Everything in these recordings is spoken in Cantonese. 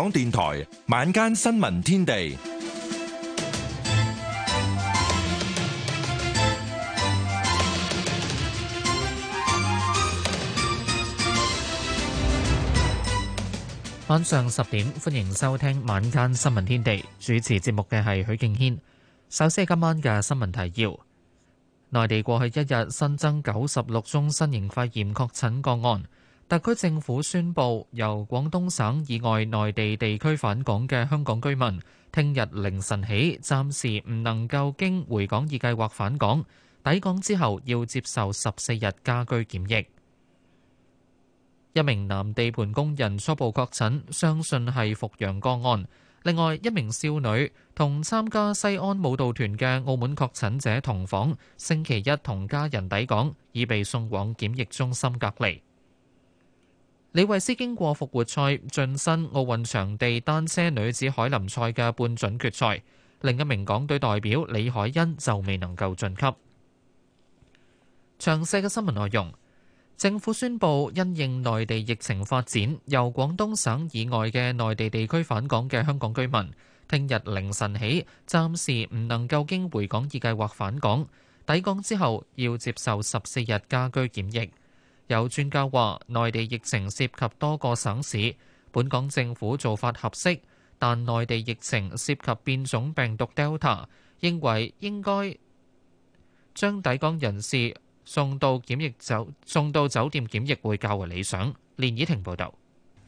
港電台晚間新聞天地，晚上十點歡迎收聽晚間新聞天地。主持節目嘅係許敬軒。首先今晚嘅新聞提要：內地過去一日新增九十六宗新型肺炎確診個案。特區政府宣佈，由廣東省以外內地地區返港嘅香港居民，聽日凌晨起暫時唔能夠經回港易計劃返港，抵港之後，要接受十四日家居檢疫。一名男地盤工人初步確診，相信係復陽個案。另外一名少女同參加西安舞蹈團嘅澳門確診者同房，星期一同家人抵港，已被送往檢疫中心隔離。李慧詩經過復活賽晉身奧運場地單車女子海林賽嘅半準決賽，另一名港隊代表李海恩就未能夠晉級。詳細嘅新聞內容，政府宣布因應內地疫情發展，由廣東省以外嘅內地地區返港嘅香港居民，聽日凌晨起暫時唔能夠經回港易計劃返港，抵港之後，要接受十四日家居檢疫。有專家話，內地疫情涉及多個省市，本港政府做法合適，但內地疫情涉及變種病毒 Delta，認為應該將抵港人士送到檢疫酒，送到酒店檢疫會較為理想。連以婷報導。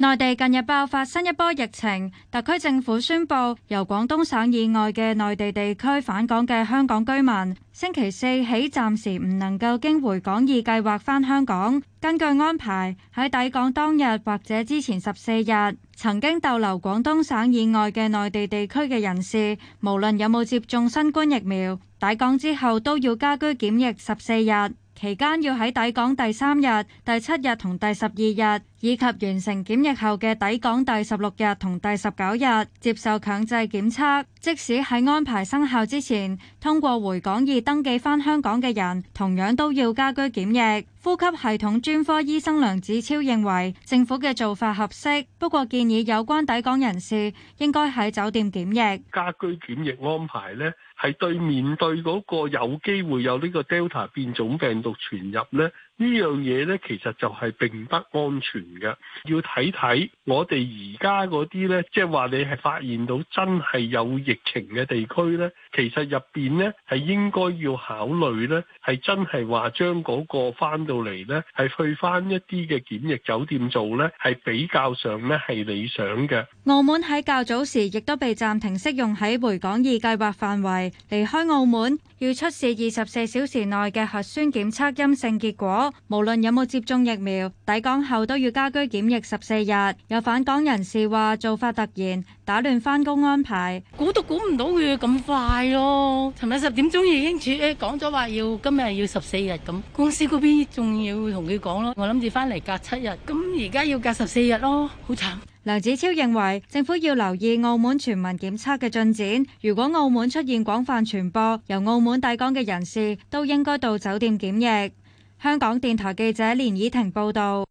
內地近日爆發新一波疫情，特區政府宣布，由廣東省以外嘅內地地區返港嘅香港居民，星期四起暫時唔能夠經回港易計劃返香港。根據安排，喺抵港當日或者之前十四日曾經逗留廣東省以外嘅內地地區嘅人士，無論有冇接種新冠疫苗，抵港之後都要家居檢疫十四日，期間要喺抵港第三日、第七日同第十二日。以及完成檢疫後嘅抵港第十六日同第十九日接受強制檢測，即使喺安排生效之前通過回港而登記返香港嘅人，同樣都要家居檢疫。呼吸系統專科醫生梁子超認為政府嘅做法合適，不過建議有關抵港人士應該喺酒店檢疫。家居檢疫安排呢，係對面對嗰個有機會有呢個 Delta 變種病毒傳入呢。呢樣嘢呢，其實就係並不安全嘅，要睇睇我哋而家嗰啲呢，即係話你係發現到真係有疫情嘅地區呢。其實入邊呢係應該要考慮呢，係真係話將嗰個翻到嚟呢，係去翻一啲嘅檢疫酒店做呢，係比較上呢係理想嘅。澳門喺較早時亦都被暫停適用喺回港易計劃範圍，離開澳門要出示二十四小時內嘅核酸檢測陰性結果，無論有冇接種疫苗，抵港後都要家居檢疫十四日。有返港人士話做法突然打亂返工安排，估都估唔到佢咁快。係咯，尋日十點鐘已經説講咗話要今日要十四日咁，公司嗰邊仲要同佢講咯。我諗住翻嚟隔七日，咁而家要隔十四日咯，好慘。梁子超認為政府要留意澳門全民檢測嘅進展，如果澳門出現廣泛傳播，由澳門抵港嘅人士都應該到酒店檢疫。香港電台記者連以婷報道。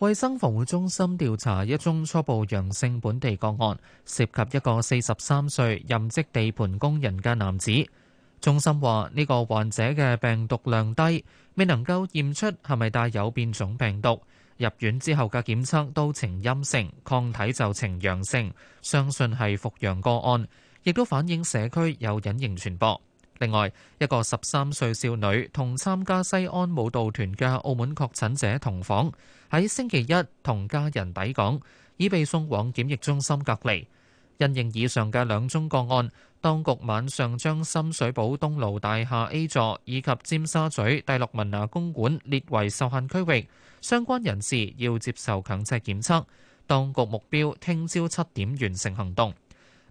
衛生防護中心調查一宗初步陽性本地個案，涉及一個四十三歲任職地盤工人嘅男子。中心話呢個患者嘅病毒量低，未能夠驗出係咪帶有變種病毒。入院之後嘅檢測都呈陰性，抗體就呈陽性，相信係復陽個案，亦都反映社區有隱形傳播。另外，一個十三歲少女同參加西安舞蹈團嘅澳門確診者同房，喺星期一同家人抵港，已被送往檢疫中心隔離。因應以上嘅兩宗個案，當局晚上將深水埗東路大廈 A 座以及尖沙咀第六文雅公館列為受限區域，相關人士要接受強制檢測。當局目標聽朝七點完成行動。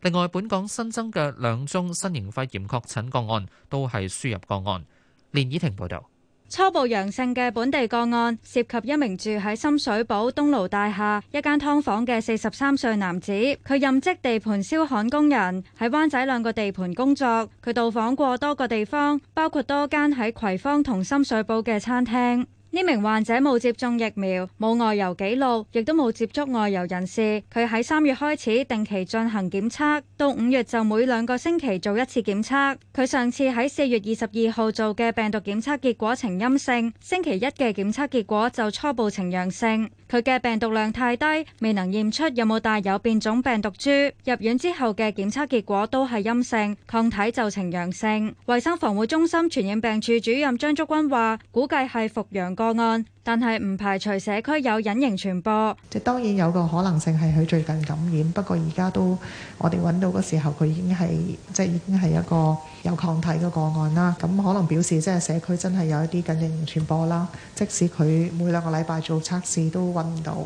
另外，本港新增嘅兩宗新型肺炎確診個案都係輸入個案。連以婷報導。初步陽性嘅本地個案涉及一名住喺深水埗東盧大廈一間劏房嘅四十三歲男子，佢任職地盤燒焊工人，喺灣仔兩個地盤工作，佢到訪過多個地方，包括多間喺葵芳同深水埗嘅餐廳。呢名患者冇接種疫苗，冇外遊記錄，亦都冇接觸外遊人士。佢喺三月開始定期進行檢測，到五月就每兩個星期做一次檢測。佢上次喺四月二十二號做嘅病毒檢測結果呈陰性，星期一嘅檢測結果就初步呈陽性。佢嘅病毒量太低，未能驗出有冇帶有變種病毒株。入院之後嘅檢測結果都係陰性，抗體就呈陽性。衛生防護中心傳染病處主任張竹君話：估計係復陽。個案，但係唔排除社區有隱形傳播。即當然有個可能性係佢最近感染，不過而家都我哋揾到嘅時候佢已經係即係已經係一個有抗體嘅個案啦。咁可能表示即係社區真係有一啲緊隱形傳播啦。即使佢每兩個禮拜做測試都揾唔到，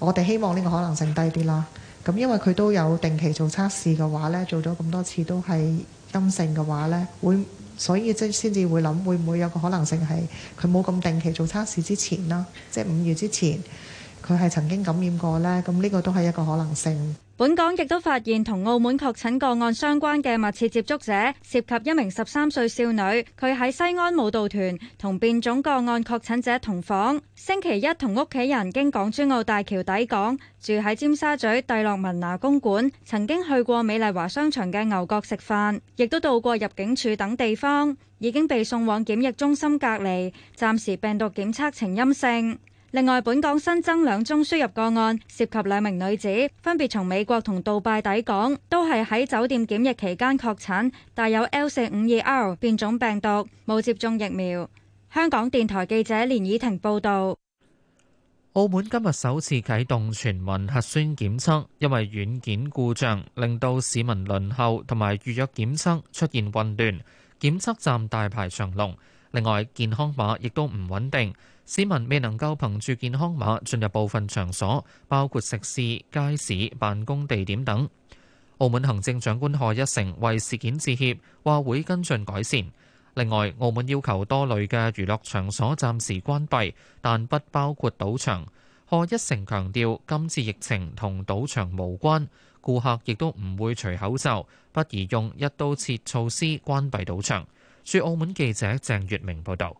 我哋希望呢個可能性低啲啦。咁因為佢都有定期做測試嘅話呢，做咗咁多次都係陰性嘅話呢會。所以即先至會諗，會唔會有個可能性係佢冇咁定期做測試之前啦，即係五月之前。佢係曾經感染過呢，咁呢個都係一個可能性。本港亦都發現同澳門確診個案相關嘅密切接觸者，涉及一名十三歲少女。佢喺西安舞蹈團同變種個案確診者同房，星期一同屋企人經港珠澳大橋抵港，住喺尖沙咀帝樂文娜公館，曾經去過美麗華商場嘅牛角食飯，亦都到過入境處等地方，已經被送往檢疫中心隔離，暫時病毒檢測呈陰性。另外，本港新增兩宗輸入個案，涉及兩名女子，分別從美國同杜拜抵港，都係喺酒店檢疫期間確診，帶有 L 四五二 R 變種病毒，冇接種疫苗。香港電台記者連以婷報導。澳門今日首次啟動全民核酸檢測，因為軟件故障，令到市民輪候同埋預約檢測出現混亂，檢測站大排長龍。另外，健康碼亦都唔穩定。市民未能夠憑住健康碼進入部分場所，包括食肆、街市、辦公地點等。澳門行政長官賀一誠為事件致歉，話會跟進改善。另外，澳門要求多類嘅娛樂場所暫時關閉，但不包括賭場。賀一誠強調今次疫情同賭場無關，顧客亦都唔會除口罩，不宜用一刀切措施關閉賭場。駐澳門記者鄭月明報道。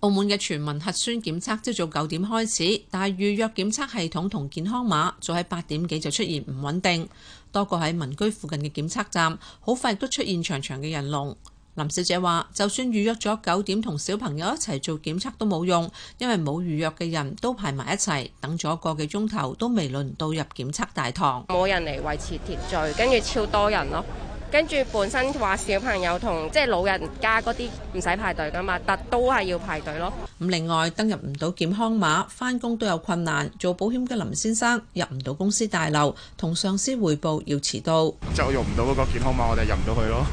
澳門嘅全民核酸檢測朝早九點開始，但係預約檢測系統同健康碼早喺八點幾就出現唔穩定，多個喺民居附近嘅檢測站好快都出現長長嘅人龍。林小姐話：就算預約咗九點同小朋友一齊做檢測都冇用，因為冇預約嘅人都排埋一齊，等咗個幾鐘頭都未輪到入檢測大堂，冇人嚟維持秩序，跟住超多人咯。跟住本身話小朋友同即係老人家嗰啲唔使排隊噶嘛，但都係要排隊咯。咁另外登入唔到健康碼，返工都有困難。做保險嘅林先生入唔到公司大樓，同上司匯報要遲到。 即係我用唔到嗰個健康碼，我哋入唔到去咯。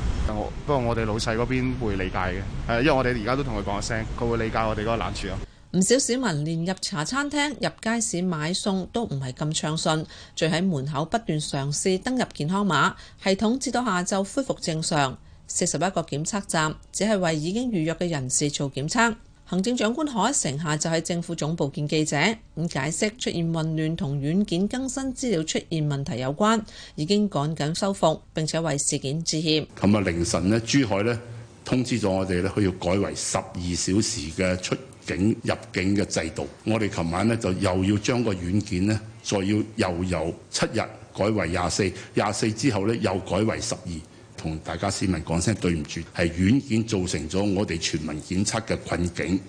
不過我哋老細嗰邊會理解嘅，因為我哋而家都同佢講一聲，佢會理解我哋嗰個難處。唔少市民連入茶餐廳、入街市買餸都唔係咁暢順，聚喺門口不斷嘗試登入健康碼系統，至到下晝恢復正常。四十一個檢測站只係為已經預約嘅人士做檢測。行政長官賀一誠下晝就喺政府總部見記者，咁解釋出現混亂同軟件更新資料出現問題有關，已經趕緊修復並且為事件致歉。琴日，凌晨呢，珠海呢通知咗我哋咧，佢要改為十二小時嘅出入境入境嘅制度，我哋琴晚咧就又要將個軟件咧再要又由七日改為廿四，廿四之後咧又改為十二，同大家市民講聲對唔住，係軟件造成咗我哋全民檢測嘅困境。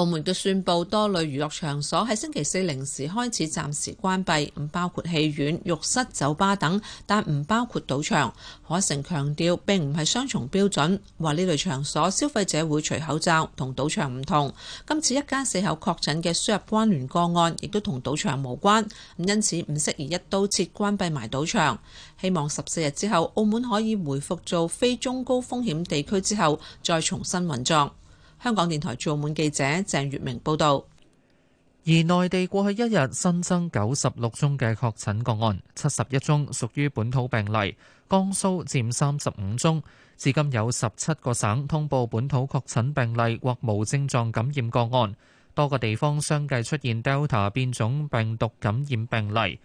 澳門嘅宣佈多類娛樂場所喺星期四零時開始暫時關閉，唔包括戲院、浴室、酒吧等，但唔包括賭場。可誠強調並唔係雙重標準，話呢類場所消費者會除口罩，同賭場唔同。今次一家四口確診嘅輸入關聯個案亦都同賭場無關，咁因此唔適宜一刀切關閉埋賭場。希望十四日之後，澳門可以回復做非中高風險地區之後，再重新運作。香港電台駐澳門記者鄭月明報道，而內地過去一日新增九十六宗嘅確診個案，七十一宗屬於本土病例，江蘇佔三十五宗。至今有十七個省通報本土確診病例或無症狀感染個案，多個地方相繼出現 Delta 變種病毒感染病例。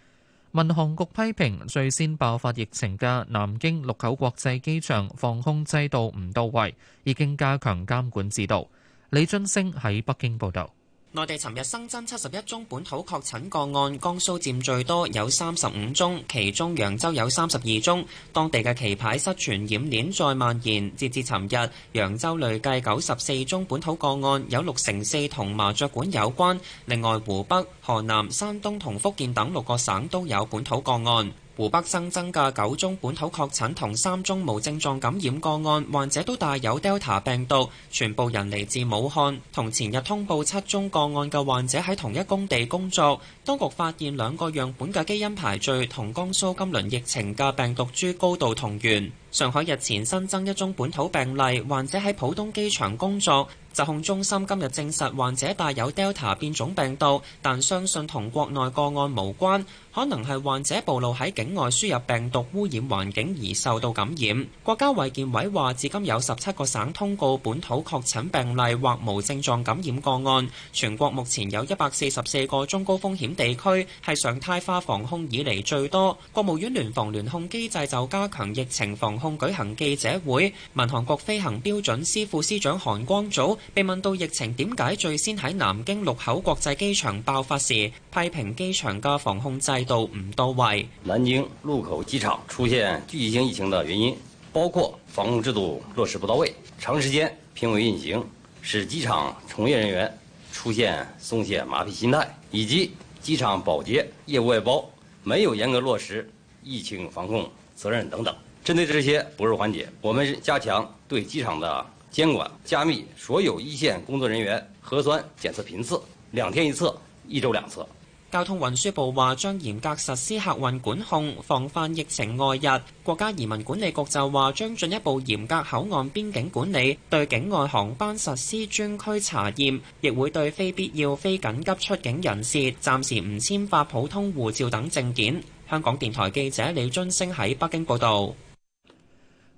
民航局批評最先爆發疫情嘅南京祿口國際機場防控制度唔到位，已經加強監管指導。李俊升喺北京報道。內地尋日新增七十一宗本土確診個案，江蘇佔最多，有三十五宗，其中揚州有三十二宗。當地嘅棋牌室傳染鏈再蔓延。截至尋日，揚州累計九十四宗本土個案，有六成四同麻雀館有關。另外，湖北、河南、山東同福建等六個省都有本土個案。湖北新增嘅九宗本土確診同三宗無症狀感染個案，患者都帶有 Delta 病毒，全部人嚟自武漢，同前日通報七宗個案嘅患者喺同一工地工作。當局發現兩個樣本嘅基因排序同江蘇今輪疫情嘅病毒株高度同源。上海日前新增一宗本土病例，患者喺浦東機場工作。疾控中心今日證實患者帶有 Delta 變種病毒，但相信同國內個案無關，可能係患者暴露喺境外輸入病毒污染環境而受到感染。國家衛健委話，至今有十七個省通告本土確診病例或無症狀感染個案，全國目前有一百四十四個中高風險地區，係常態化防控以嚟最多。國務院聯防聯控機制就加強疫情防控舉行記者會，民航局飛行標準司副司長韓光祖。被問到疫情點解最先喺南京祿口國際機場爆發時，批評機場嘅防控制度唔到位。南京祿口機場出現聚集性疫情的原因，包括防控制度落實不到位、長時間平穩運行，使機場從業人員出現鬆懈麻痹心態，以及機場保潔、業務外包沒有嚴格落實疫情防控責任等等。針對這些薄弱環節，我們加強對機場的。監管加密所有一線工作人員核酸檢測頻次，兩天一次，一周兩次。交通運輸部話將嚴格實施客運管控，防範疫情外溢。國家移民管理局就話將進一步嚴格口岸邊境管理，對境外航班實施專區查驗，亦會對非必要、非緊急出境人士暫時唔簽發普通護照等證件。香港電台記者李津升喺北京報道。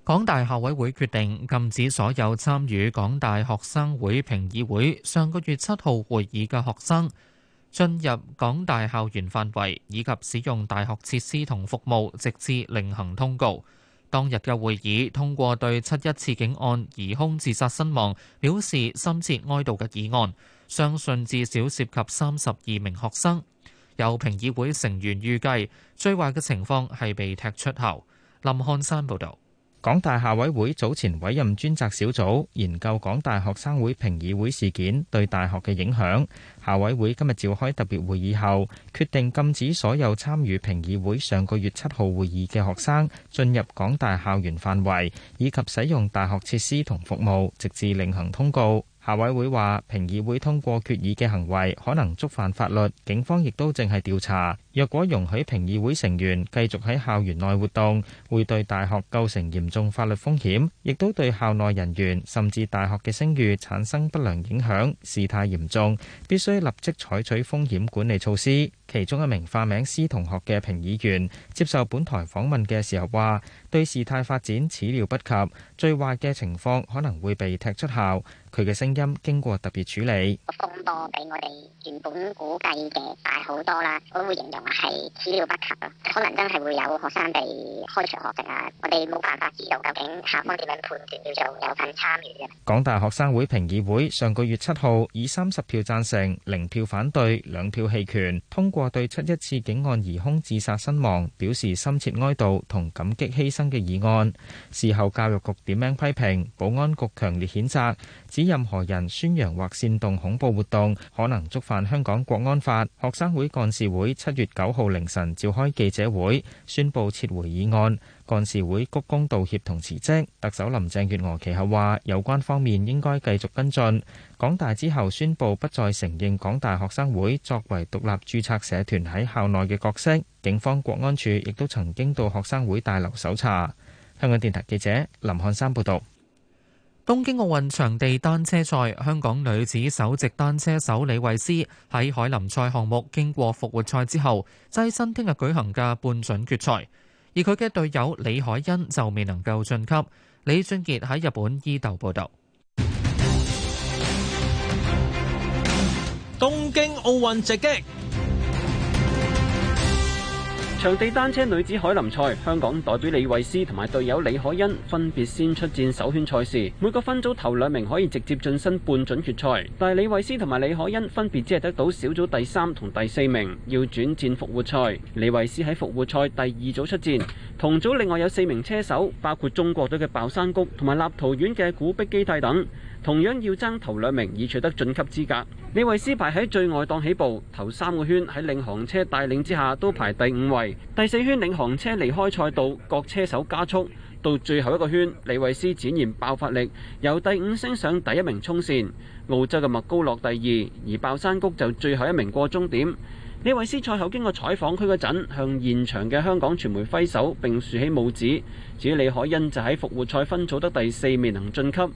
港大校委會決定禁止所有參與港大學生會評議會上個月七號會議嘅學生進入港大校園範圍，以及使用大學設施同服務，直至另行通告。當日嘅會議通過對七一次警案疑兇自殺身亡表示深切哀悼嘅議案，相信至少涉及三十二名學生。有評議會成員預計，最壞嘅情況係被踢出校。林漢山報道。港大校委會早前委任專責小組研究港大學生會評議會事件對大學嘅影響。校委會今日召開特別會議後，決定禁止所有參與評議會上個月七號會議嘅學生進入港大校園範圍，以及使用大學設施同服務，直至另行通告。校委會話，評議會通過決議嘅行為可能觸犯法律，警方亦都正係調查。若果容許評議會成員繼續喺校園內活動，會對大學構成嚴重法律風險，亦都對校內人員甚至大學嘅聲譽產生不良影響。事態嚴重，必須立即採取風險管理措施。其中一名化名施同學嘅評議員接受本台訪問嘅時候話，對事態發展始料不及，最壞嘅情況可能會被踢出校。佢嘅聲音經過特別處理。風波比我哋原本估計嘅大好多啦。我會形容係始料不及啊，可能真係會有學生被開除學籍啊。我哋冇辦法知道究竟校方點樣判斷叫做有份參與嘅。港大學生會評議會上個月七號以三十票贊成、零票反對、兩票棄權通過，過對出一次警案疑凶自殺身亡，表示深切哀悼同感激犧牲嘅疑案。事後教育局點名批評，保安局強烈譴責，指任何人宣揚或煽動恐怖活動，可能觸犯香港國安法。學生會幹事會七月九號凌晨召開記者會，宣布撤回議案。幹事會鞠躬道歉同辭職，特首林鄭月娥其後話：有關方面應該繼續跟進。港大之後宣布不再承認港大學生會作為獨立註冊社團喺校內嘅角色。警方國安處亦都曾經到學生會大樓搜查。香港電台記者林漢山報導。東京奧運場地單車賽，香港女子首席單車手李慧詩喺凱林賽項目經過復活賽之後，躋身聽日舉行嘅半準決賽。而佢嘅隊友李海欣就未能夠晉級。李俊傑喺日本伊豆報道，東京奧運直擊。場地單車女子海林賽，香港代表李慧詩同埋隊友李可欣分別先出戰首圈賽事，每個分組頭兩名可以直接晉身半準決賽，但係李慧詩同埋李可欣分別只係得到小組第三同第四名，要轉戰復活賽。李慧詩喺復活賽第二組出戰，同組另外有四名車手，包括中國隊嘅鮑珊菊同埋立陶宛嘅古碧基蒂等。同樣要爭頭兩名以取得晉級資格。李慧詩排喺最外檔起步，頭三個圈喺領航車帶領之下都排第五位。第四圈領航車離開賽道，各車手加速到最後一個圈，李慧詩展現爆發力，由第五升上第一名衝線。澳洲嘅麥高洛第二，而爆山谷就最後一名過終點。李慧詩賽後經過採訪區嗰陣，向現場嘅香港傳媒揮手並豎起拇指。至於李海欣就喺復活賽分組得第四，未能晉級。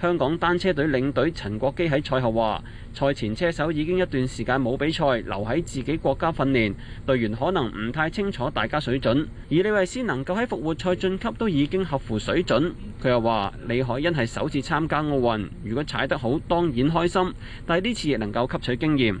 香港單車隊領隊陳國基喺賽後話：賽前車手已經一段時間冇比賽，留喺自己國家訓練，隊員可能唔太清楚大家水準。而李慧詩能夠喺復活賽晉級都已經合乎水準。佢又話：李海欣係首次參加奧運，如果踩得好當然開心，但係呢次亦能夠吸取經驗。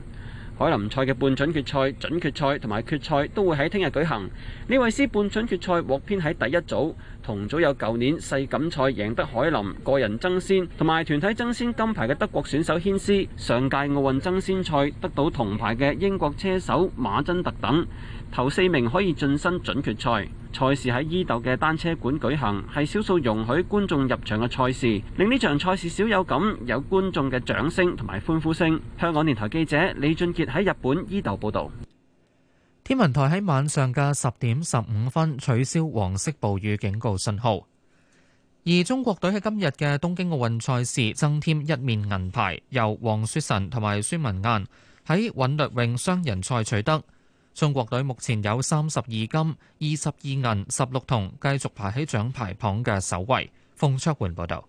海林賽嘅半準決賽、準決賽同埋決賽都會喺聽日舉行。李慧詩半準決賽獲編喺第一組，同組有舊年世錦賽贏得海林個人爭先同埋團體爭先金牌嘅德國選手軒斯，上屆奧運爭先賽得到銅牌嘅英國車手馬珍特等。頭四名可以晉身準決賽，賽事喺伊豆嘅單車館舉行，係少數容許觀眾入場嘅賽事，令呢場賽事少有咁有觀眾嘅掌聲同埋歡呼聲。香港電台記者李俊傑喺日本伊豆報導。天文台喺晚上嘅十點十五分取消黃色暴雨警告信號，而中國隊喺今日嘅東京奧運賽事增添一面銀牌，由黃雪辰同埋孫文雁喺韻律泳雙人賽取得。中國隊目前有三十二金、二十二銀、十六銅，繼續排喺獎牌榜嘅首位。馮卓桓報導。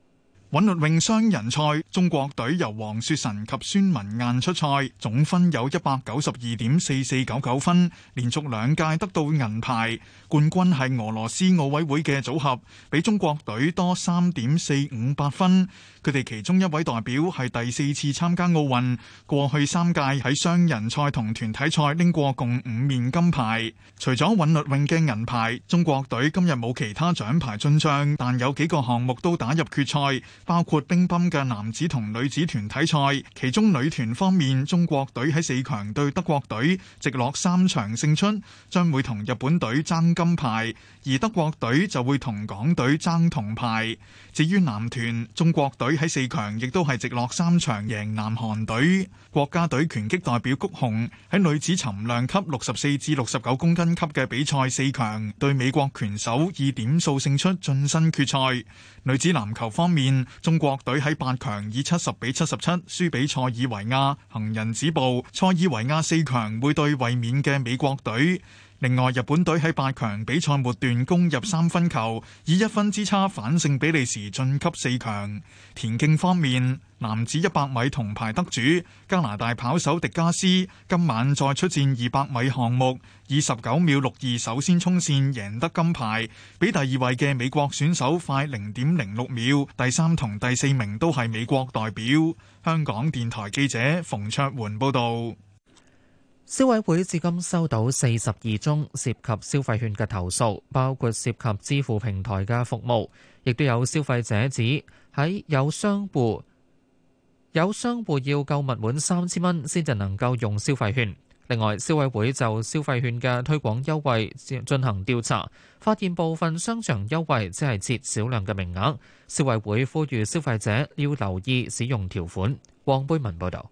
韻律泳雙人賽，中國隊由黃雪辰及孫文雁出賽，總分有一百九十二點四四九九分，連續兩屆得到銀牌。冠軍係俄羅斯奧委會嘅組合，比中國隊多三點四五八分。佢哋其中一位代表係第四次參加奧運，過去三屆喺雙人賽同團體賽拎過共五面金牌。除咗韻律泳嘅銀牌，中國隊今日冇其他獎牌進賬，但有幾個項目都打入決賽。包括乒乓嘅男子同女子團體賽，其中女團方面，中國隊喺四強對德國隊，直落三場勝出，將會同日本隊爭金牌；而德國隊就會同港隊爭銅牌。至於男團，中國隊喺四強亦都係直落三場贏南韓隊。國家隊拳擊代表谷紅喺女子沉量級六十四至六十九公斤級嘅比賽四強對美國拳手以點數勝出，晉身決賽。女子籃球方面，中國隊喺八強以七十比七十七輸俾塞爾維亞，行人止步。塞爾維亞四強會對衛冕嘅美國隊。另外，日本隊喺八強比賽末段攻入三分球，以一分之差反勝比利時晉級四強。田徑方面，男子一百米銅牌得主加拿大跑手迪加斯今晚再出戰二百米項目，以十九秒六二首先衝線贏得金牌，比第二位嘅美國選手快零點零六秒。第三同第四名都係美國代表。香港電台記者馮卓桓報道。消委會至今收到四十二宗涉及消費券嘅投訴，包括涉及支付平台嘅服務，亦都有消費者指喺有商戶有商戶要購物滿三千蚊先至能夠用消費券。另外，消委會就消費券嘅推廣優惠進行調查，發現部分商場優惠只係設少量嘅名額。消委會呼籲消費者要留意使用條款。黃貝文報道。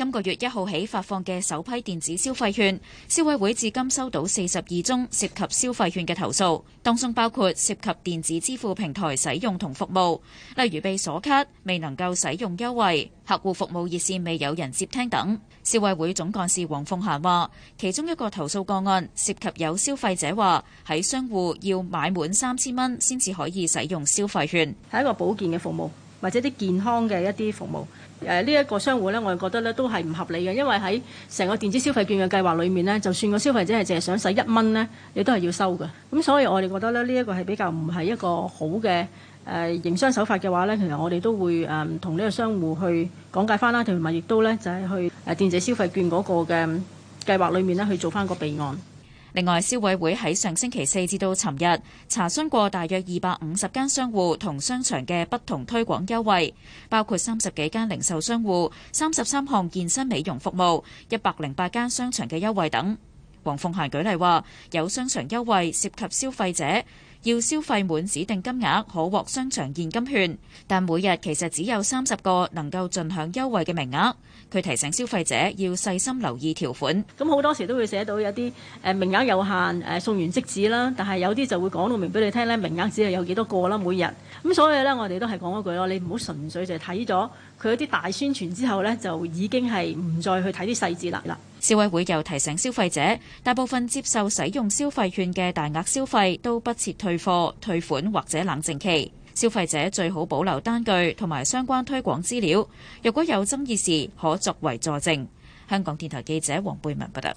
今個月一號起發放嘅首批電子消費券，消委會至今收到四十二宗涉及消費券嘅投訴，當中包括涉及電子支付平台使用同服務，例如被鎖卡、未能夠使用優惠、客戶服務熱線未有人接聽等。消委會總幹事黃鳳霞話，其中一個投訴個案涉及有消費者話喺商戶要買滿三千蚊先至可以使用消費券，係一個保健嘅服務。或者啲健康嘅一啲服務，誒呢一個商戶呢，我哋覺得呢都係唔合理嘅，因為喺成個電子消費券嘅計劃裡面呢，就算個消費者係淨係想使一蚊呢，亦都係要收嘅。咁、嗯、所以我哋覺得呢，呢、這、一個係比較唔係一個好嘅誒營商手法嘅話呢，其實我哋都會誒同呢個商戶去講解翻啦，同埋亦都呢就係、是、去誒電子消費券嗰個嘅計劃裡面呢去做翻個備案。另外，消委會喺上星期四至到尋日查詢過大約二百五十間商戶同商場嘅不同推廣優惠，包括三十幾間零售商戶、三十三項健身美容服務，一百零八間商場嘅優惠等。黃鳳嫻舉例話，有商場優惠涉及消費者。要消費滿指定金額可獲商場現金券，但每日其實只有三十個能夠盡享優惠嘅名額。佢提醒消費者要細心留意條款。咁好多時都會寫到有啲誒名額有限，誒送完即止啦，但係有啲就會講到明俾你聽呢，名額只係有幾多個啦每日。咁所以呢，我哋都係講嗰句咯，你唔好純粹就係睇咗。佢一啲大宣傳之後咧，就已經係唔再去睇啲細節啦。啦，消委會又提醒消費者，大部分接受使用消費券嘅大額消費都不設退貨、退款或者冷靜期，消費者最好保留單據同埋相關推廣資料。如果有爭議事，可作為佐證。香港電台記者黃貝文報道。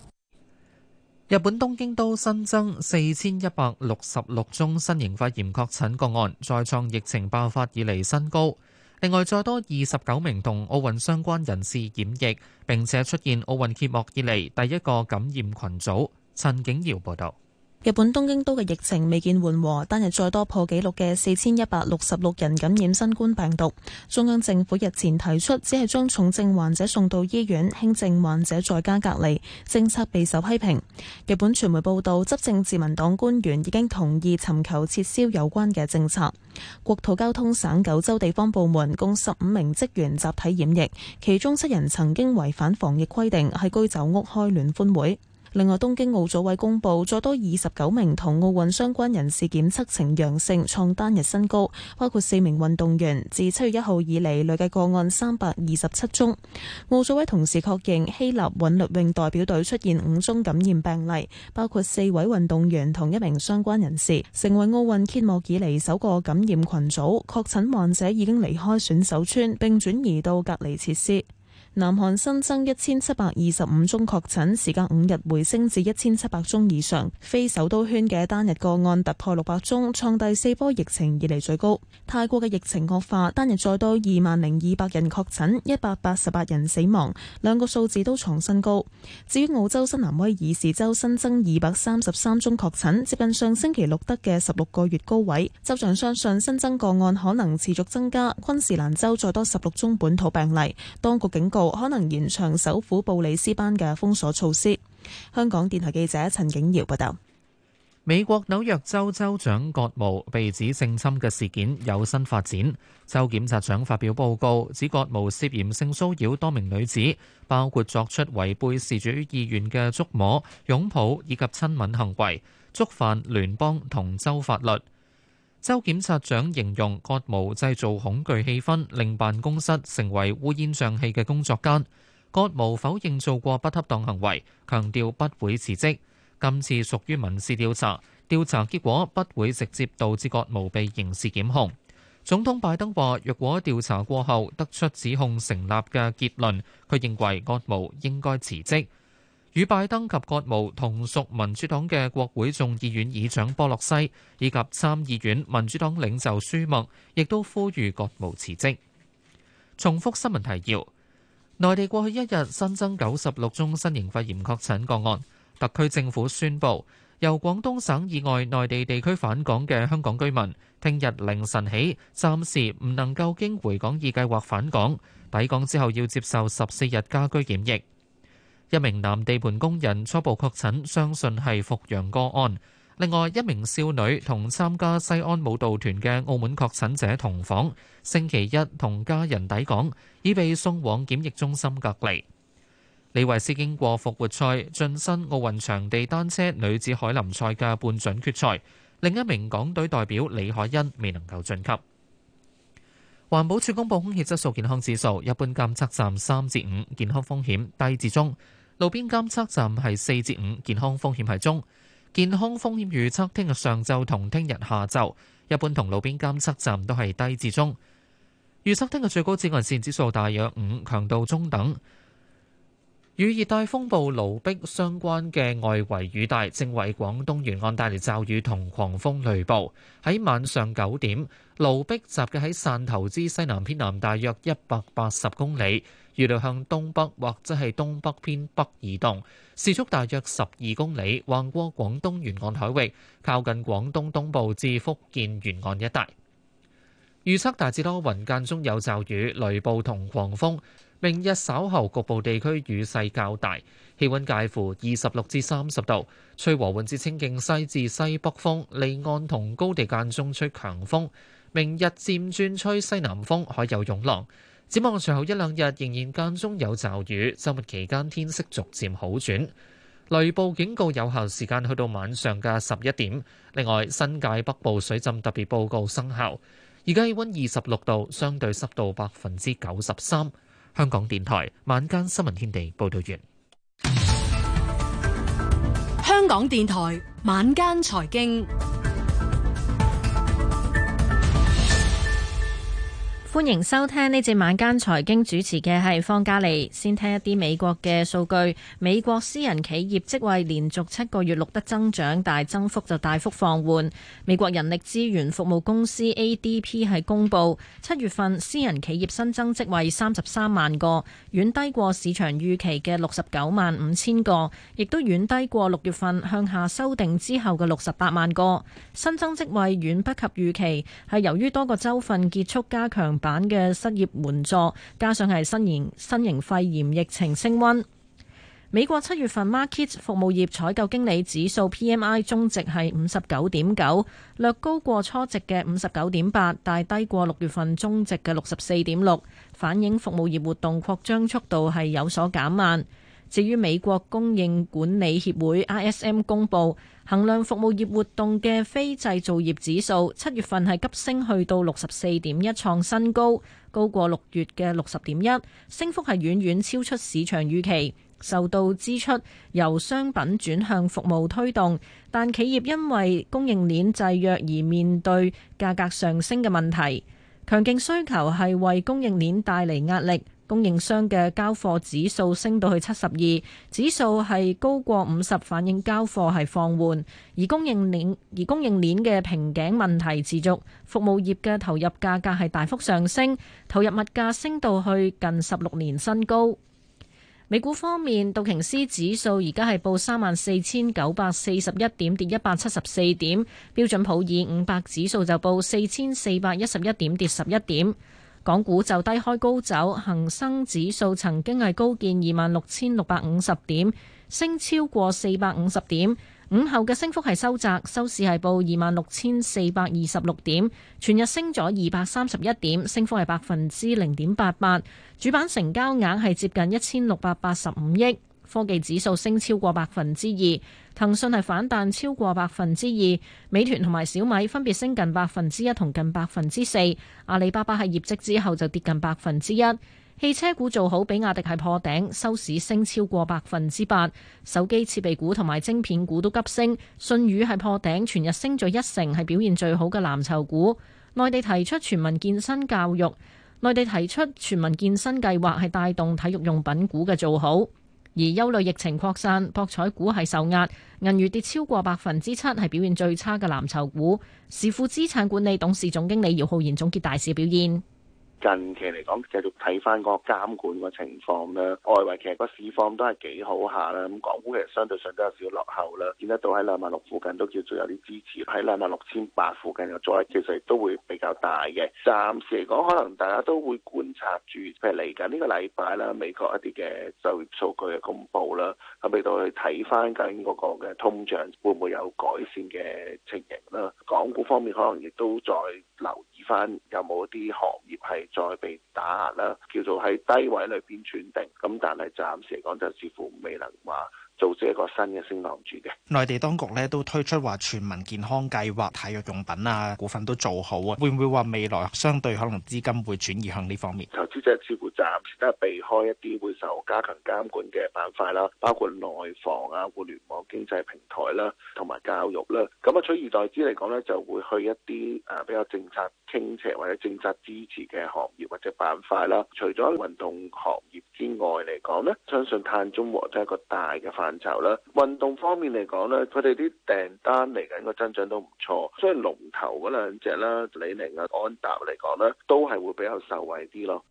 日本東京都新增四千一百六十六宗新型肺炎確診個案，再創疫情爆發以嚟新高。另外，再多二十九名同奧運相關人士染疫，並且出現奧運揭幕以嚟第一個感染群組，陳景瑤報道。日本東京都嘅疫情未見緩和，單日再多破紀錄嘅四千一百六十六人感染新冠病毒。中央政府日前提出，只係將重症患者送到醫院，輕症患者在家隔離，政策備受批評。日本傳媒報道，執政自民黨官員已經同意尋求撤銷有關嘅政策。國土交通省九州地方部門共十五名職員集體染疫，其中七人曾經違反防疫規定，喺居酒屋開聯歡會。另外，東京奧組委公布再多二十九名同奧運相關人士檢測呈陽性，創單日新高，包括四名運動員。自七月一號以嚟，累計個案三百二十七宗。奧組委同時確認希臘韻律泳，代表隊出現五宗感染病例，包括四位運動員同一名相關人士，成為奧運揭幕以嚟首個感染群組。確診患者已經離開選手村並轉移到隔離設施。南韓新增一千七百二十五宗確診，時隔五日回升至一千七百宗以上。非首都圈嘅單日個案突破六百宗，創第四波疫情以嚟最高。泰國嘅疫情惡化，單日再多二萬零二百人確診，一百八十八人死亡，兩個數字都創新高。至於澳洲新南威爾士州新增二百三十三宗確診，接近上星期錄得嘅十六個月高位。州長相信新增個案可能持續增加。昆士蘭州再多十六宗本土病例，當局警告，可能延長首府布里斯班嘅封鎖措施。香港電台記者陳景耀報道，美國紐約州州長葛謨被指性侵嘅事件有新發展。州檢察長發表報告，指葛謨涉嫌性騷擾多名女子，包括作出違背事主意願嘅觸摸、擁抱以及親吻行為，觸犯聯邦同州法律。州檢察長形容葛謨製造恐懼氣氛，令辦公室成為烏煙瘴氣嘅工作間。葛謨否認做過不恰當行為，強調不會辭職。今次屬於民事調查，調查結果不會直接導致葛謨被刑事檢控。總統拜登話，若果調查過後得出指控成立嘅結論，佢認為葛謨應該辭職。與拜登及葛姆同屬民主黨嘅國會眾議院議長波洛西，以及參議院民主黨領袖舒莫，亦都呼籲葛姆辭職。重複新聞提要：內地過去一日新增九十六宗新型肺炎確診個案。特區政府宣布，由廣東省以外內地地區返港嘅香港居民，聽日凌晨起暫時唔能夠經回港易計劃返港，抵港之後要接受十四日家居檢疫。一名男地盤工人初步確診，相信係復陽個案。另外一名少女同參加西安舞蹈團嘅澳門確診者同房，星期一同家人抵港，已被送往檢疫中心隔離。李慧詩經過復活賽，晉身奧運場地單車女子凱林賽嘅半準決賽。另一名港隊代表李海欣未能夠晉級。環保署公布空氣質素健康指數，一般監測站三至五，健康風險低至中。路邊監測站係四至五，健康風險係中。健康風險預測聽日上晝同聽日下晝，一般同路邊監測站都係低至中。預測聽日最高紫外線指數大約五，強度中等。與熱帶風暴盧碧相關嘅外圍雨帶，正為廣東沿岸帶嚟驟雨同狂風雷暴。喺晚上九點，盧碧集結喺汕頭之西南偏南大約一百八十公里。預料向東北或者係東北偏北移動，時速大約十二公里，橫過廣東沿岸海域，靠近廣東東部至福建沿岸一帶。預測大致多雲間中有驟雨、雷暴同狂風。明日稍後局部地區雨勢較大，氣溫介乎二十六至三十度，吹和緩至清勁西至西北風，離岸同高地間中吹強風。明日漸轉吹西南風，海有湧浪。展望隨後一兩日仍然間中有驟雨，周末期間天色逐漸好轉。雷暴警告有效時間去到晚上嘅十一點。另外，新界北部水浸特別報告生效。而家氣溫二十六度，相對濕度百分之九十三。香港電台晚間新聞天地報道完。香港電台晚間財經。歡迎收聽呢節，晚間財經主持嘅係方嘉利。先聽一啲美國嘅數據。美國私人企業職位連續七個月錄得增長，但增幅就大幅放緩。美國人力資源服務公司 ADP 係公佈，七月份私人企業新增職位三十三萬個，遠低過市場預期嘅六十九萬五千個，亦都遠低過六月份向下修訂之後嘅六十八萬個。新增職位遠不及預期，係由於多個州份結束加強。版嘅失業援助，加上係新型新型肺炎疫情升温。美國七月份 market 服務業採購經理指數 P M I 終值係五十九點九，略高過初值嘅五十九點八，但低過六月份終值嘅六十四點六，反映服務業活動擴張速度係有所減慢。至於美國供應管理協會 I S M 公布。衡量服務業活動嘅非製造業指數，七月份係急升去到六十四點一，創新高，高過六月嘅六十點一，升幅係遠遠超出市場預期。受到支出由商品轉向服務推動，但企業因為供應鏈制約而面對價格上升嘅問題。強勁需求係為供應鏈帶嚟壓力。供應商嘅交貨指數升到去七十二，指數係高過五十，反映交貨係放緩，而供應鏈而供應鏈嘅瓶頸問題持續。服務業嘅投入價格係大幅上升，投入物價升到去近十六年新高。美股方面，道瓊斯指數而家係報三萬四千九百四十一點，跌一百七十四點；標準普爾五百指數就報四千四百一十一點，跌十一點。港股就低開高走，恒生指數曾經係高見二萬六千六百五十點，升超過四百五十點，午後嘅升幅係收窄，收市係報二萬六千四百二十六點，全日升咗二百三十一點，升幅係百分之零點八八。主板成交額係接近一千六百八十五億。科技指數升超過百分之二，騰訊係反彈超過百分之二，美團同埋小米分別升近百分之一同近百分之四。阿里巴巴喺業績之後就跌近百分之一。汽車股做好，比亞迪係破頂，收市升超過百分之八。手機設備股同埋晶片股都急升，舜宇係破頂，全日升咗一成，係表現最好嘅藍籌股。內地提出全民健身教育，內地提出全民健身計劃，係帶動體育用品股嘅做好。而憂慮疫情擴散，博彩股係受壓，銀娛跌超過百分之七，係表現最差嘅藍籌股。時富資產管理董事總經理姚浩然總結大市表現。近期嚟講，繼續睇翻嗰個監管個情況啦。外圍其實個市況都係幾好下啦。咁港股其實相對上都有少少落後啦。見得到喺兩萬六附近都叫做有啲支持，喺兩萬六千八附近嘅阻力其實亦都會比較大嘅。暫時嚟講，可能大家都會觀察住，譬如嚟緊呢個禮拜啦，美國一啲嘅就業數據嘅公布啦，咁亦都去睇翻緊嗰個嘅通脹會唔會有改善嘅情形啦。港股方面，可能亦都再留。翻有冇啲行業係再被打壓啦？叫做喺低位裏邊轉定，咁但係暫時嚟講就似乎未能話。導致一個新嘅升浪主嘅，內地當局咧都推出話全民健康計劃、體育用品啊股份都做好啊，會唔會話未來相對可能資金會轉移向呢方面？投資者似乎暫時都係避開一啲會受加強監管嘅板塊啦，包括內房啊、互聯網經濟平台啦、啊、同埋教育啦、啊。咁啊取而代之嚟講咧，就會去一啲誒比較政策傾斜或者政策支持嘅行業或者板塊啦。除咗運動行業之外嚟講咧，相信碳中和都係一個大嘅發展。運動方面嚟講，咧，佢哋啲訂單嚟緊個增長都唔錯。所以龍頭嗰兩隻啦，李寧啊、安踏嚟講，咧，都係會比較受惠啲咯。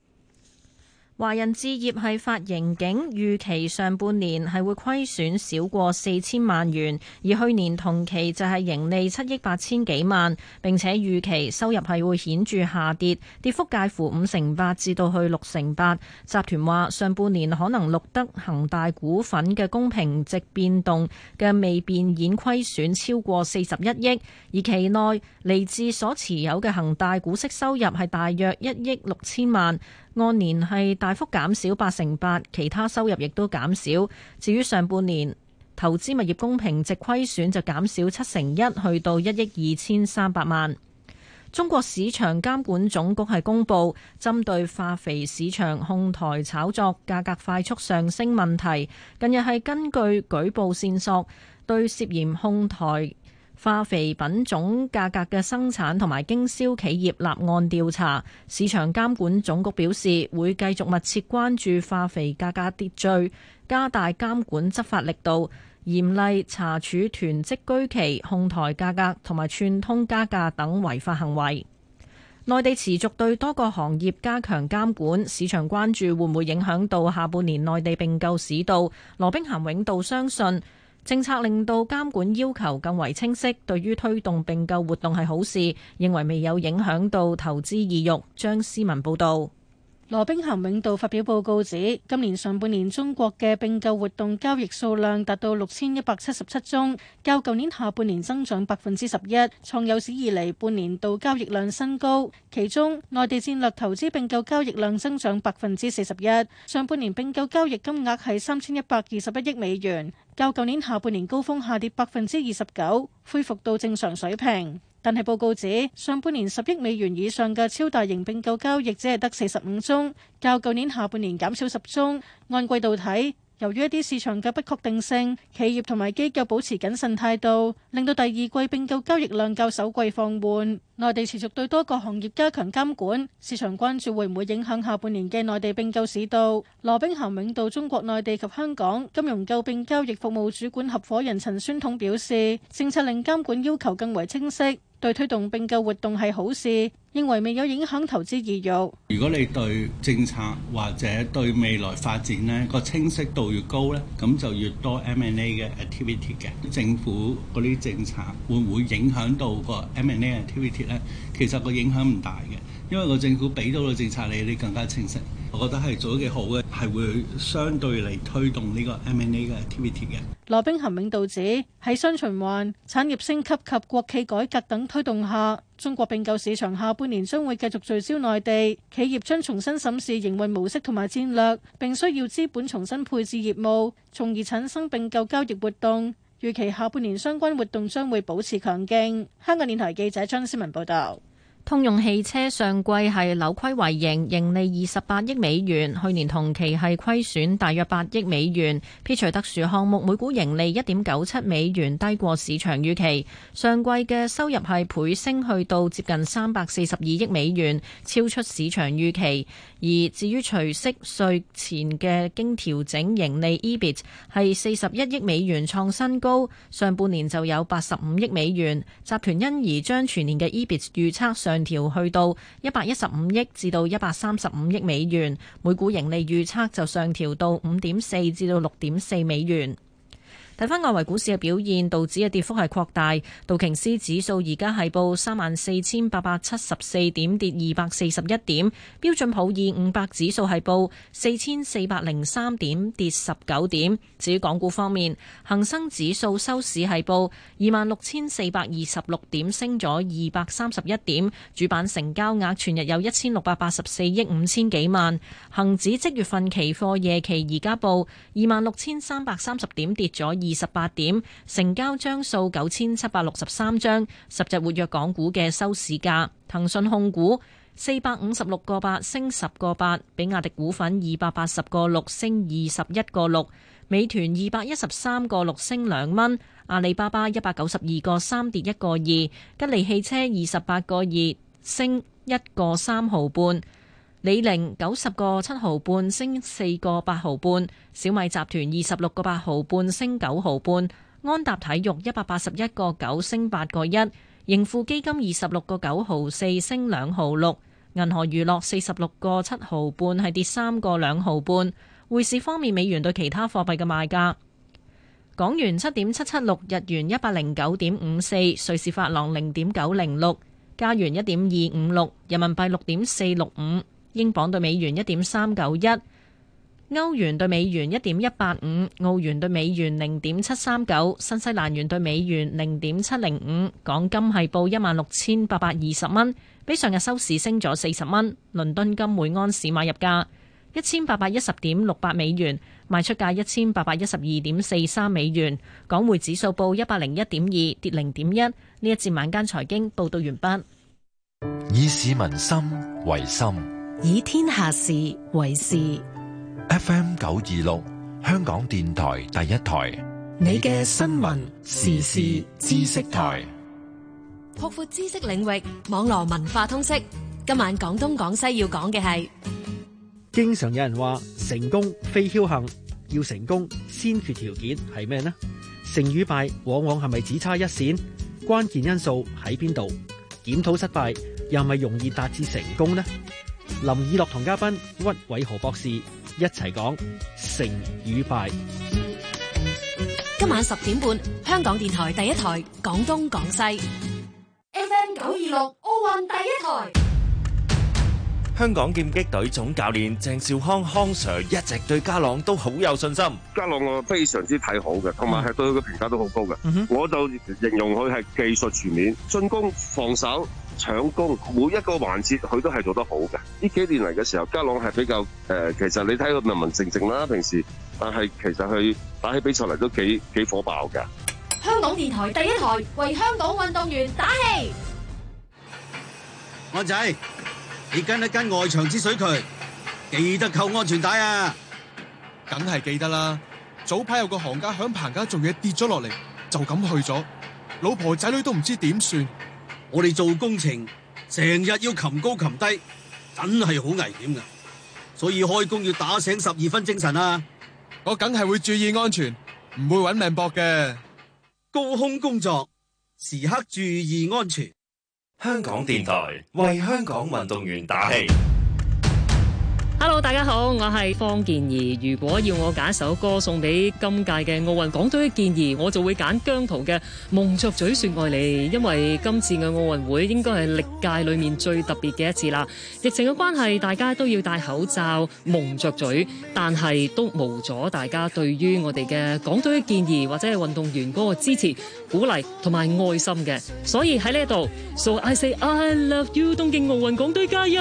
華人置業係發盈警，預期上半年係會虧損少過四千萬元，而去年同期就係盈利七億八千幾萬，並且預期收入係會顯著下跌，跌幅介乎五成八至到去六成八。集團話上半年可能錄得恒大股份嘅公平值變動嘅未變現虧損超過四十一億，而期內嚟自所持有嘅恒大股息收入係大約一億六千萬。按年係大幅減少八成八，其他收入亦都減少。至於上半年投資物業公平值虧損就減少七成一，去到一億二千三百萬。中國市場監管總局係公佈，針對化肥市場哄抬炒作、價格快速上升問題，近日係根據舉報線索對涉嫌哄抬化肥品種價格嘅生產同埋經銷企業立案調查。市場監管總局表示會繼續密切關注化肥價格秩序，加大監管執法力度，嚴厲查處囤積居奇、哄抬價格同埋串通加價等違法行為。內地持續對多個行業加強監管，市場關注會唔會影響到下半年內地併購市道。羅兵咸、永道相信。政策令到監管要求更為清晰，對於推動併購活動係好事。認為未有影響到投資意欲。張思文報道。羅冰涵永道發表報告指，今年上半年中國嘅併購活動交易數量達到六千一百七十七宗，較舊年下半年增長百分之十一，創有史以嚟半年度交易量新高。其中，內地戰略投資併購交易量增長百分之四十一，上半年併購交易金額係三千一百二十一億美元，較舊年下半年高峰下跌百分之二十九，恢復到正常水平。但係報告指，上半年十億美元以上嘅超大型併購交易只係得四十五宗，較舊年下半年減少十宗。按季度睇，由於一啲市場嘅不確定性，企業同埋機構保持謹慎態度，令到第二季併購交易量較首季放緩，內地持續對多個行業加強監管，市場關注會唔會影響下半年嘅內地併購市道。羅兵咸永道中國內地及香港金融購併交易服務主管合夥人陳宣統表示，政策令監管要求更為清晰。對推動並購活動係好事，認為未有影響投資意欲。如果你對政策或者對未來發展呢個清晰度越高呢，咁就越多 M&A 嘅 activity 嘅。政府嗰啲政策會唔會影響到個 M&A activity 呢？其實個影響唔大嘅，因為個政府俾到個政策你，你更加清晰。我覺得係做得幾好嘅，係會相對嚟推動呢個 M&A 嘅 TMT 嘅。羅兵咸永道指喺雙循環、產業升級及國企改革等推動下，中國並購市場下半年將會繼續聚焦內地，企業將重新審視營運模式同埋戰略，並需要資本重新配置業務，從而產生並購交易活動。預期下半年相關活動將會保持強勁。香港電台記者張思文報道。通用汽車上季係扭虧為盈，盈利二十八億美元，去年同期係虧損大約八億美元。撇除特殊項目，每股盈利一點九七美元，低過市場預期。上季嘅收入係倍升去到接近三百四十二億美元，超出市場預期。而至於除息稅前嘅經調整盈利 EBIT 係四十一億美元，創新高，上半年就有八十五億美元。集團因而將全年嘅 EBIT 預測上調去到一百一十五億至到一百三十五億美元，每股盈利預測就上調到五點四至到六點四美元。睇翻外圍股市嘅表現，道指嘅跌幅係擴大，道瓊斯指數而家係報三萬四千八百七十四點，跌二百四十一點。標準普爾五百指數係報四千四百零三點，跌十九點。至於港股方面，恒生指數收市係報二萬六千四百二十六點，升咗二百三十一點。主板成交額全日有一千六百八十四億五千幾萬。恒指即月份期貨夜期而家報二萬六千三百三十點，跌咗二。二十八點，成交張數九千七百六十三張，十隻活躍港股嘅收市價：騰訊控股四百五十六個八升十個八，比亞迪股份二百八十個六升二十一個六，美團二百一十三個六升兩蚊，阿里巴巴一百九十二個三跌一個二，吉利汽車二十八個二升一個三毫半。李寧九十個七毫半升四個八毫半，小米集團二十六個八毫半升九毫半，安踏體育一百八十一個九升八個一，盈富基金二十六個九毫四升兩毫六，銀河娛樂四十六個七毫半係跌三個兩毫半。匯市方面，美元對其他貨幣嘅賣價：港元七點七七六，日元一百零九點五四，瑞士法郎零點九零六，加元一點二五六，人民幣六點四六五。英鎊兌美元一點三九一，歐元兌美元一點一八五，澳元兌美元零點七三九，新西蘭元兌美元零點七零五。港金係報一萬六千八百二十蚊，比上日收市升咗四十蚊。倫敦金每安士買入價一千八百一十點六八美元，賣出價一千八百一十二點四三美元。港匯指數報一百零一點二，跌零點一。呢一節晚間財經報道完畢。以市民心為心。以天下事為事。F.M. 九二六，香港電台第一台。你嘅新聞時事知識台，擴闊知識領域，網絡文化通識。今晚講東講西要講嘅係，經常有人話成功非僥倖，要成功先決條件係咩呢？成與敗往往係咪只差一線？關鍵因素喺邊度？檢討失敗又係咪容易達至成功呢？林以樂同嘉賓屈偉豪博士一齊講成與敗。今晚十點半，香港電台第一台廣東廣西 FM 九二六奧運第一台。香港劍擊隊總教練鄭兆康康 Sir 一直對家朗都好有信心。家朗我非常之睇好嘅，同埋係對佢嘅評價都好高嘅。Mm hmm. 我就形容佢係技術全面，進攻防守。搶攻每一個環節，佢都係做得好嘅。呢幾年嚟嘅時候，家朗係比較誒，其實你睇佢文文靜靜啦，平時，但係其實佢打起比賽嚟都幾幾火爆嘅。香港電台第一台為香港運動員打氣。安仔，你跟一跟外牆之水渠，記得扣安全帶啊！梗係記得啦。早排有個行家響棚架做嘢跌咗落嚟，就咁去咗，老婆仔女都唔知點算。我哋做工程，成日要擒高擒低，真係好危險㗎。所以開工要打醒十二分精神啊。我梗係會注意安全，唔會揾命搏嘅。高空工作，時刻注意安全。香港電台，為香港運動員打氣。Hello，大家好，我係方健怡。如果要我揀一首歌送俾今屆嘅奧運港隊健兒，我就會揀姜濤嘅《蒙著嘴說愛你》，因為今次嘅奧運會應該係歷屆裏面最特別嘅一次啦。疫情嘅關係，大家都要戴口罩、蒙著嘴，但係都無阻大家對於我哋嘅港隊健兒或者係運動員嗰個支持、鼓勵同埋愛心嘅。所以喺呢一度，So I say I love you，東京奧運港隊加油！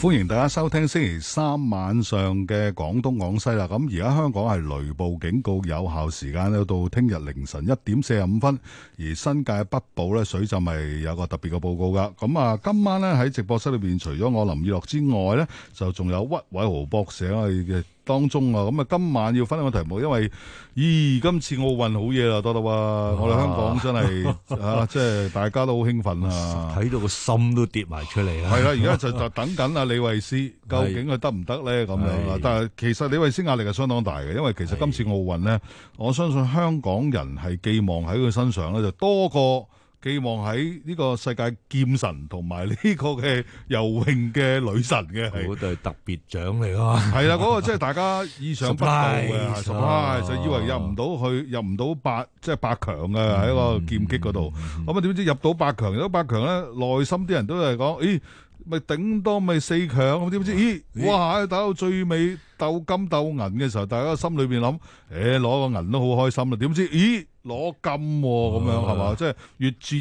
歡迎大家收聽星期三晚上嘅廣東廣西啦。咁而家香港係雷暴警告有效時間咧，到聽日凌晨一點四十五分。而新界北部咧，水浸咪有個特別嘅報告噶。咁啊，今晚咧喺直播室裏邊，除咗我林義樂之外咧，就仲有屈偉豪博士啊嘅。當中啊，咁啊今晚要分享個題目，因為咦今次奧運好嘢啦，多得哇！我哋香港真係啊，即係大家都好興奮啊，睇到個心都跌埋出嚟啦。係啦，而家就就等緊啊李慧詩，究竟佢得唔得咧？咁樣啦，但係其實李慧詩壓力係相當大嘅，因為其實今次奧運咧，我相信香港人係寄望喺佢身上咧，就多過。希望喺呢個世界劍神同埋呢個嘅游泳嘅女神嘅，好對特別獎嚟啊！係啦，嗰、那個即係大家意想不到嘅，就、啊、以為入唔到去，入唔到八即係八強嘅喺個劍擊嗰度。咁啊，點知入到八強，入到八強咧，內心啲人都係講，咦，咪頂多咪四強咁點知？咦，哇！打到最尾鬥金鬥銀嘅時候，大家心裏邊諗誒攞個銀都好開心啊點知？咦，攞金咁、啊、樣係嘛？即係、嗯、的越